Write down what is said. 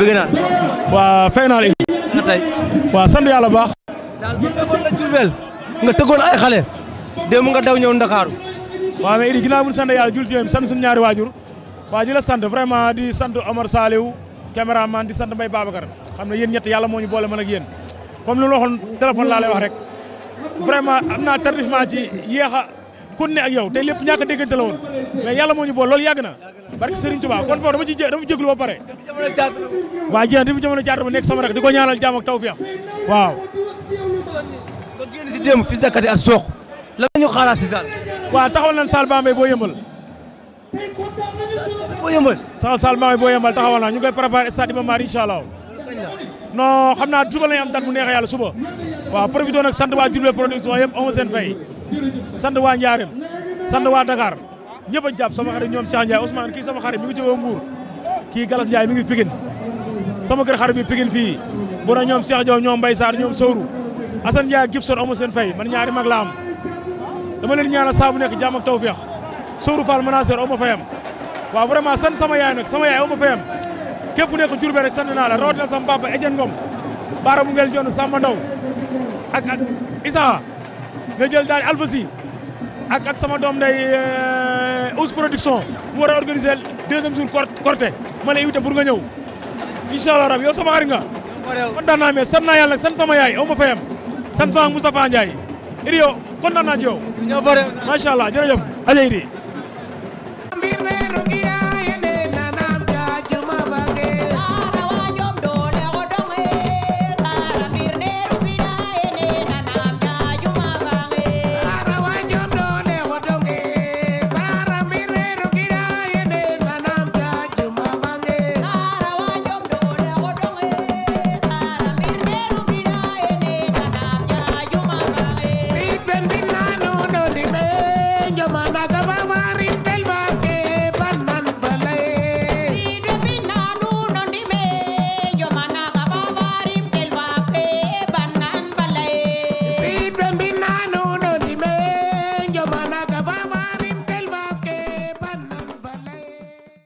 bëgg naa. waa fay naa la indi. na tey. waa sant yàlla bu baax. daal bu fekkoon nga Diourbel nga tëggoon ay xale. démb nga daw ñëw Ndakaaru. waaw mais Idi ginnaaw bu ñu sant yàlla jullit yooyu sant suñu ñaari waajur. waa di la sant vraiment di sant Omar Saliou caméraman di sant Mbaye Babacar xam na yéen ñett yàlla moo ñu boole man ak yéen comme lu ma waxoon téléphone wax rek vraiment am naa tardivement ci yéex a continuer ak yow te lépp ñàkk a déggante la woon mais yàlla moo ñu bool loolu yàgg na barke Serigne Touba pare waaw jéem di mu jamono caatu nekk sama rek di ko ñaanal jàmm taw fi waaw kon génn si de Katy ak Sokh la ñu xaaraat si saal waaw taxawal nañ saal Bambey boo yëmbal boo yëmbal taxawal saal Bambey ñu ngi koy préparé stade Iba Mar incha allah non naa suba lañu am date bu neexee yàlla suba waaw profité nag sant waa Diourbel production yëpp amoon seen sant waa Njaareem sant waa Dakar ñëpp sama xarit ñoom Cheikh Ndiaye Ousmane kii sama xarit mi ngi jógee Mbour kii Galas Ndiaye mi ngi Pikine sama kër xarit bi Pikine fii bu na ñoom Cheikh Diaw ñoom Mbaye Sarr ñoom Sowru Assane Ndiaye Gibson amul seen fay man ñaari mag laa am dama leen ñaanal saa bu nekk jàmm ak tawfeex Sowru Fall manager aw ma fayam waaw vraiment sant sama yaay nag sama yaay aw ma fayam képp ku nekk Diourbel rek sant naa la rawatina sama papa Etienne Ngom Baara mu na jël daal Alphasi ak ak sama doom day euh, Ousse production mu war a organiser deuxième jour corté ma lay invité pour nga ñëw incha allah rabi yow sama xarit nga. kontaan naa mais sant naa yàlla sant sama yaay aw ma fayam sant sama Moustapha Ndiaye. Irio kontaan naa ci yow. macha allah jërëjëf Aliou Idy. Nada